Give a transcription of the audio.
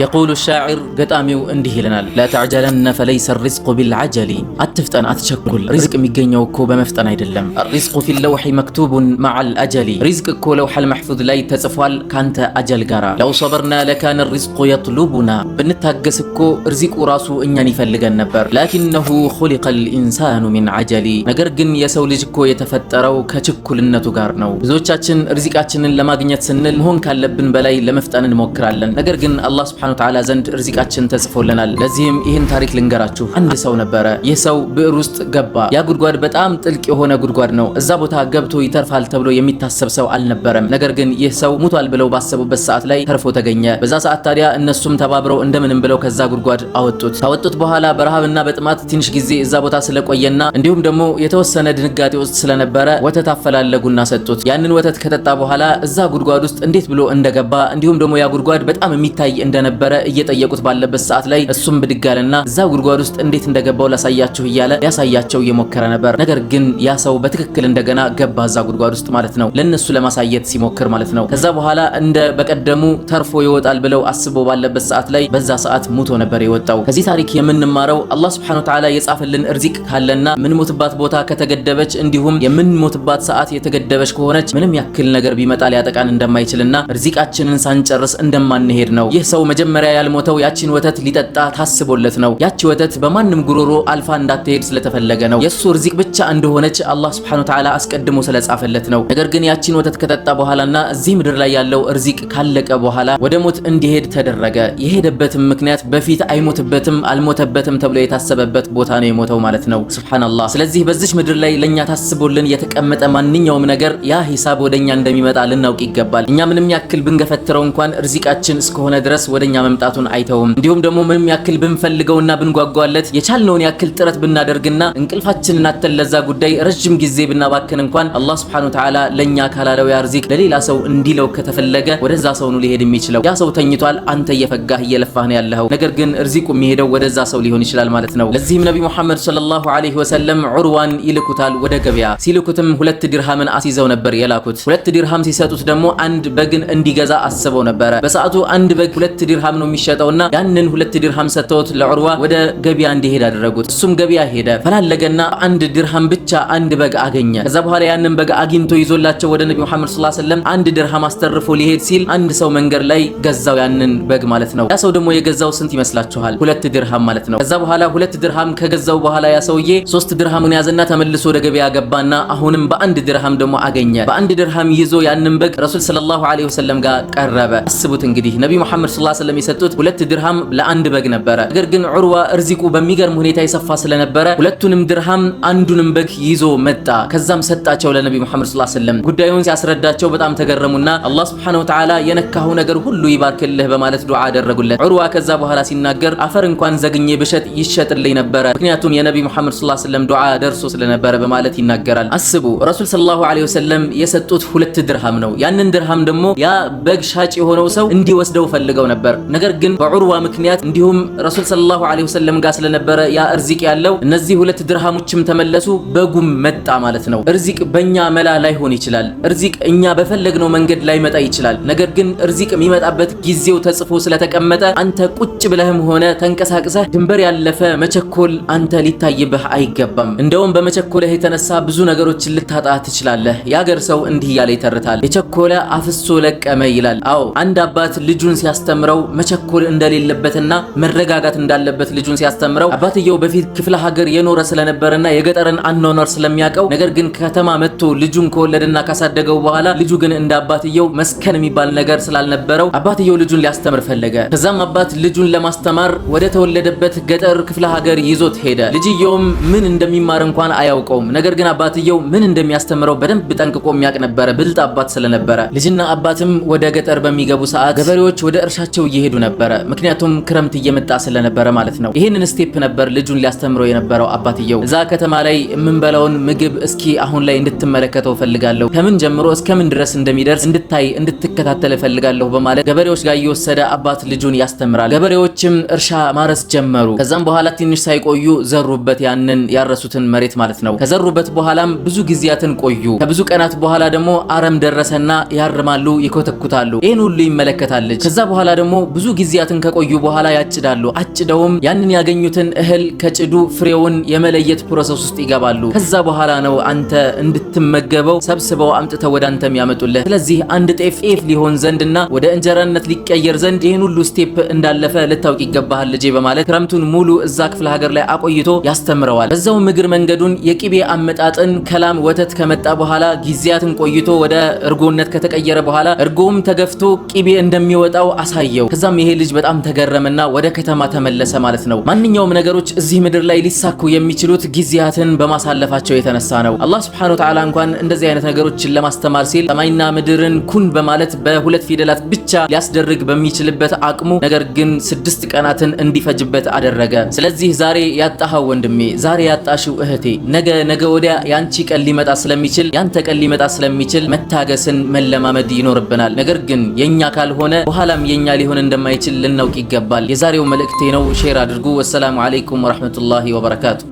የቁሉ ሻዕር ገጣሚው እንዲህ ይለናል፣ ላተዕጀለነ ፈለይሰ ሪዝቁ ቢልዓጀሊ፣ አትፍጠን አትቸኩል፣ ሪዝቅ የሚገኘው እኮ በመፍጠን አይደለም። ሪዝቁ ፊ ለውሒ መክቱቡን መዓል አጀሊ፣ ሪዝቅ እኮ ለውሐ ልመሕፉዝ ላይ ተጽፏል ካንተ አጀል ጋራ። ለው ሰበርና ለካነ ሪዝቁ የጥሉቡና፣ ብንታገስ እኮ ርዚቁ ራሱ እኛን ይፈልገን ነበር። ላኪነሁ ኹሊቀ ልኢንሳኑ ሚን ዓጀሊ፣ ነገር ግን የሰው ልጅ እኮ የተፈጠረው ከችኩልነቱ ጋር ነው። ብዙዎቻችን ርዚቃችንን ለማግኘት ስንል መሆን ካለብን በላይ ለመፍጠን እንሞክራለን። ነገር ግን አላህ ሱብሓነሁ ወተዓላ ዘንድ ርዚቃችን ተጽፎልናል። ለዚህም ይህን ታሪክ ልንገራችሁ። አንድ ሰው ነበረ። ይህ ሰው ብዕር ውስጥ ገባ። ያ ጉድጓድ በጣም ጥልቅ የሆነ ጉድጓድ ነው። እዛ ቦታ ገብቶ ይተርፋል ተብሎ የሚታሰብ ሰው አልነበረም። ነገር ግን ይህ ሰው ሙቷል ብለው ባሰቡበት ሰዓት ላይ ተርፎ ተገኘ። በዛ ሰዓት ታዲያ እነሱም ተባብረው እንደምንም ብለው ከዛ ጉድጓድ አወጡት። ካወጡት በኋላ በረሃብና በጥማት ትንሽ ጊዜ እዛ ቦታ ስለቆየና እንዲሁም ደግሞ የተወሰነ ድንጋጤ ውስጥ ስለነበረ ወተት አፈላለጉና ሰጡት። ያንን ወተት ከጠጣ በኋላ እዛ ጉድጓድ ውስጥ እንዴት ብሎ እንደገባ እንዲሁም ደግሞ ያ ጉድጓድ በጣም የሚታይ እንደነበረ ነበረ እየጠየቁት ባለበት ሰዓት ላይ እሱም ብድግ አለና እዛ ጉድጓድ ውስጥ እንዴት እንደገባው ላሳያችሁ እያለ ያሳያቸው እየሞከረ ነበር። ነገር ግን ያ ሰው በትክክል እንደገና ገባ እዛ ጉድጓድ ውስጥ ማለት ነው፣ ለነሱ ለማሳየት ሲሞክር ማለት ነው። ከዛ በኋላ እንደ በቀደሙ ተርፎ ይወጣል ብለው አስቦ ባለበት ሰዓት ላይ በዛ ሰዓት ሙቶ ነበር የወጣው። ከዚህ ታሪክ የምንማረው አላህ Subhanahu Ta'ala የጻፈልን እርዚቅ ካለና የምንሞትባት ቦታ ከተገደበች እንዲሁም የምንሞትባት ሰዓት የተገደበች ከሆነች ምንም ያክል ነገር ቢመጣ ሊያጠቃን እንደማይችልና እርዚቃችንን ሳንጨርስ እንደማንሄድ ነው። ይህ ሰው መጀመሪያ ያልሞተው ያቺን ወተት ሊጠጣ ታስቦለት ነው። ያቺ ወተት በማንም ጉሮሮ አልፋ እንዳትሄድ ስለተፈለገ ነው። የእሱ ርዚቅ ብቻ እንደሆነች አላህ ሱብሓነሁ ወተዓላ አስቀድሞ ስለጻፈለት ነው። ነገር ግን ያቺን ወተት ከጠጣ በኋላና እዚህ ምድር ላይ ያለው ርዚቅ ካለቀ በኋላ ወደ ሞት እንዲሄድ ተደረገ። የሄደበትም ምክንያት በፊት አይሞትበትም አልሞተበትም ተብሎ የታሰበበት ቦታ ነው የሞተው ማለት ነው። ሱብሃንአላህ። ስለዚህ በዚህ ምድር ላይ ለኛ ታስቦልን የተቀመጠ ማንኛውም ነገር ያ ሂሳብ ወደኛ እንደሚመጣ ልናውቅ ይገባል። እኛ ምንም ያክል ብንገፈትረው እንኳን ርዚቃችን እስከሆነ ድረስ ወደ ወደኛ መምጣቱን አይተውም። እንዲሁም ደግሞ ምንም ያክል ብንፈልገውና ብንጓጓለት የቻልነውን ያክል ጥረት ብናደርግና እንቅልፋችንን አተን ለዛ ጉዳይ ረጅም ጊዜ ብናባክን እንኳን አላህ ሱብሓነሁ ወተዓላ ለኛ ካላለው ያ ለሌላ ሰው እንዲለው ከተፈለገ ወደዛ ሰው ነው ሊሄድ የሚችለው። ያ ሰው ተኝቷል፣ አንተ እየፈጋህ እየለፋህ ነው ያለኸው። ነገር ግን እርዚቁ የሚሄደው ወደዛ ሰው ሊሆን ይችላል ማለት ነው። ለዚህም ነቢ ሙሐመድ ሰለላሁ ዐለይሂ ወሰለም ዑርዋን ይልኩታል ወደ ገበያ። ሲልኩትም ሁለት ድርሃምን አስይዘው ነበር የላኩት። ሁለት ድርሃም ሲሰጡት ደግሞ አንድ በግን እንዲገዛ አስበው ነበረ። በሰዓቱ አንድ በግ ሁለት ድርሃም ነው የሚሸጠውና ያንን ሁለት ድርሃም ሰጥተውት ለዑርዋ ወደ ገበያ እንዲሄድ አደረጉት። እሱም ገበያ ሄደ፣ ፈላለገና አንድ ድርሃም ብቻ አንድ በግ አገኘ። ከዛ በኋላ ያንን በግ አግኝቶ ይዞላቸው ወደ ነቢ መሐመድ ሰለላሁ ዐለይሂ ወሰለም አንድ ድርሃም አስተርፎ ሊሄድ ሲል አንድ ሰው መንገድ ላይ ገዛው፣ ያንን በግ ማለት ነው። ያ ሰው ደግሞ የገዛው ስንት ይመስላችኋል? ሁለት ድርሃም ማለት ነው። ከዛ በኋላ ሁለት ድርሃም ከገዛው በኋላ ያ ሰውዬ ሶስት ድርሃምን ያዘና ተመልሶ ወደ ገበያ ገባና አሁንም በአንድ ድርሃም ደግሞ አገኘ። በአንድ ድርሃም ይዞ ያንን በግ ረሱል ሰለላሁ ዐለይሂ ወሰለም ጋር ቀረበ። አስቡት እንግዲህ ነቢ መሐመድ ሰለላሁ ዐለይሂ ወሰለም የሰጡት ሁለት ድርሃም ለአንድ በግ ነበረ። ነገር ግን ዑርዋ እርዚቁ በሚገርም ሁኔታ የሰፋ ስለነበረ ሁለቱንም ድርሃም አንዱንም በግ ይዞ መጣ። ከዛም ሰጣቸው ለነቢ ሙሐመድ ሰለላሁ ዐለይሂ ወሰለም። ጉዳዩን ሲያስረዳቸው በጣም ተገረሙና አላህ ሱብሓነሁ ወተዓላ የነካሁ ነገር ሁሉ ይባርክልህ በማለት ዱዓ አደረጉለት። ዑርዋ ከዛ በኋላ ሲናገር አፈር እንኳን ዘግኜ ብሸጥ ይሸጥልኝ ነበረ፣ ምክንያቱም የነቢ ሙሐመድ ሰለላሁ ዐለይሂ ወሰለም ዱዓ ደርሶ ስለነበረ በማለት ይናገራል። አስቡ ረሱል ሰለላሁ ዐለይሂ ወሰለም የሰጡት ሁለት ድርሃም ነው። ያንን ድርሃም ደግሞ ያ በግ ሻጭ የሆነው ሰው እንዲወስደው ፈልገው ነበር። ነገር ግን በዑርዋ ምክንያት እንዲሁም ረሱል ሰለላሁ ዐለይሂ ወሰለም ጋር ስለነበረ ያ እርዚቅ ያለው እነዚህ ሁለት ድርሃሞችም ተመለሱ። በጉ በጉም መጣ ማለት ነው። እርዚቅ በእኛ መላ ላይሆን ይችላል። እርዚቅ እኛ በፈለግነው መንገድ ላይመጣ ይችላል። ነገር ግን እርዚቅ የሚመጣበት ጊዜው ተጽፎ ስለተቀመጠ አንተ ቁጭ ብለህም ሆነ ተንቀሳቅሰህ ድንበር ያለፈ መቸኮል አንተ ሊታይብህ አይገባም። እንደውም በመቸኮለህ የተነሳ ብዙ ነገሮችን ልታጣ ትችላለህ። የአገር ሰው እንዲህ እያለ ይተርታል፣ የቸኮለ አፍሶ ለቀመ ይላል። አዎ አንድ አባት ልጁን ሲያስተምረው መቸኮል እንደሌለበትና መረጋጋት እንዳለበት ልጁን ሲያስተምረው አባትየው በፊት ክፍለ ሀገር የኖረ ስለነበረና የገጠርን አኗኗ እንደሚያኗር ስለሚያውቀው ነገር ግን ከተማ መጥቶ ልጁን ከወለደና ካሳደገው በኋላ ልጁ ግን እንደ አባትየው መስከን የሚባል ነገር ስላልነበረው አባትየው ልጁን ሊያስተምር ፈለገ። ከዛም አባት ልጁን ለማስተማር ወደ ተወለደበት ገጠር ክፍለ ሀገር ይዞት ሄደ። ልጅየውም ምን እንደሚማር እንኳን አያውቀውም። ነገር ግን አባትየው ምን እንደሚያስተምረው በደንብ ጠንቅቆ የሚያውቅ ነበረ፣ ብልጥ አባት ስለነበረ። ልጅና አባትም ወደ ገጠር በሚገቡ ሰዓት ገበሬዎች ወደ እርሻቸው እየሄዱ ነበረ፣ ምክንያቱም ክረምት እየመጣ ስለነበረ ማለት ነው። ይህንን ስቴፕ ነበር ልጁን ሊያስተምረው የነበረው አባትየው እዛ ከተማ ላይ የምንበ የምትበላውን ምግብ እስኪ አሁን ላይ እንድትመለከተው እፈልጋለሁ። ከምን ጀምሮ እስከምን ድረስ እንደሚደርስ እንድታይ እንድትከታተል እፈልጋለሁ በማለት ገበሬዎች ጋር እየወሰደ አባት ልጁን ያስተምራል። ገበሬዎችም እርሻ ማረስ ጀመሩ። ከዛም በኋላ ትንሽ ሳይቆዩ ዘሩበት፣ ያንን ያረሱትን መሬት ማለት ነው። ከዘሩበት በኋላም ብዙ ጊዜያትን ቆዩ። ከብዙ ቀናት በኋላ ደግሞ አረም ደረሰና ያርማሉ፣ ይኮተኩታሉ። ይህን ሁሉ ይመለከታል ልጅ። ከዛ በኋላ ደግሞ ብዙ ጊዜያትን ከቆዩ በኋላ ያጭዳሉ። አጭደውም ያንን ያገኙትን እህል ከጭዱ ፍሬውን የመለየት ፕሮሰስ ውስጥ ይገባሉ። ከዛ በኋላ ነው አንተ እንድትመገበው ሰብስበው አምጥተው ወደ አንተ የሚያመጡልህ። ስለዚህ አንድ ጤፍ ጤፍ ሊሆን ዘንድና ወደ እንጀራነት ሊቀየር ዘንድ ይህን ሁሉ ስቴፕ እንዳለፈ ልታውቅ ይገባሃል ልጄ በማለት ክረምቱን ሙሉ እዛ ክፍለ ሀገር ላይ አቆይቶ ያስተምረዋል። በዛውም እግር መንገዱን የቂቤ አመጣጥን ከላም ወተት ከመጣ በኋላ ጊዜያትን ቆይቶ ወደ እርጎነት ከተቀየረ በኋላ እርጎም ተገፍቶ ቂቤ እንደሚወጣው አሳየው። ከዛም ይሄ ልጅ በጣም ተገረመና ወደ ከተማ ተመለሰ ማለት ነው። ማንኛውም ነገሮች እዚህ ምድር ላይ ሊሳኩ የሚችሉት ጊዜያትን በማሳ። በማለፋቸው የተነሳ ነው። አላህ ስብሐነሁ ወተዓላ እንኳን እንደዚህ አይነት ነገሮችን ለማስተማር ሲል ሰማይና ምድርን ኩን በማለት በሁለት ፊደላት ብቻ ሊያስደርግ በሚችልበት አቅሙ ነገር ግን ስድስት ቀናትን እንዲፈጅበት አደረገ። ስለዚህ ዛሬ ያጣኸው ወንድሜ፣ ዛሬ ያጣሽው እህቴ፣ ነገ ነገ ወዲያ ያንቺ ቀን ሊመጣ ስለሚችል ያንተ ቀን ሊመጣ ስለሚችል መታገስን መለማመድ ይኖርብናል። ነገር ግን የኛ ካልሆነ በኋላም የኛ ሊሆን እንደማይችል ልናውቅ ይገባል። የዛሬው መልእክቴ ነው። ሼር አድርጉ። ወሰላሙ አለይኩም ወራህመቱላሂ ወበረካቱ።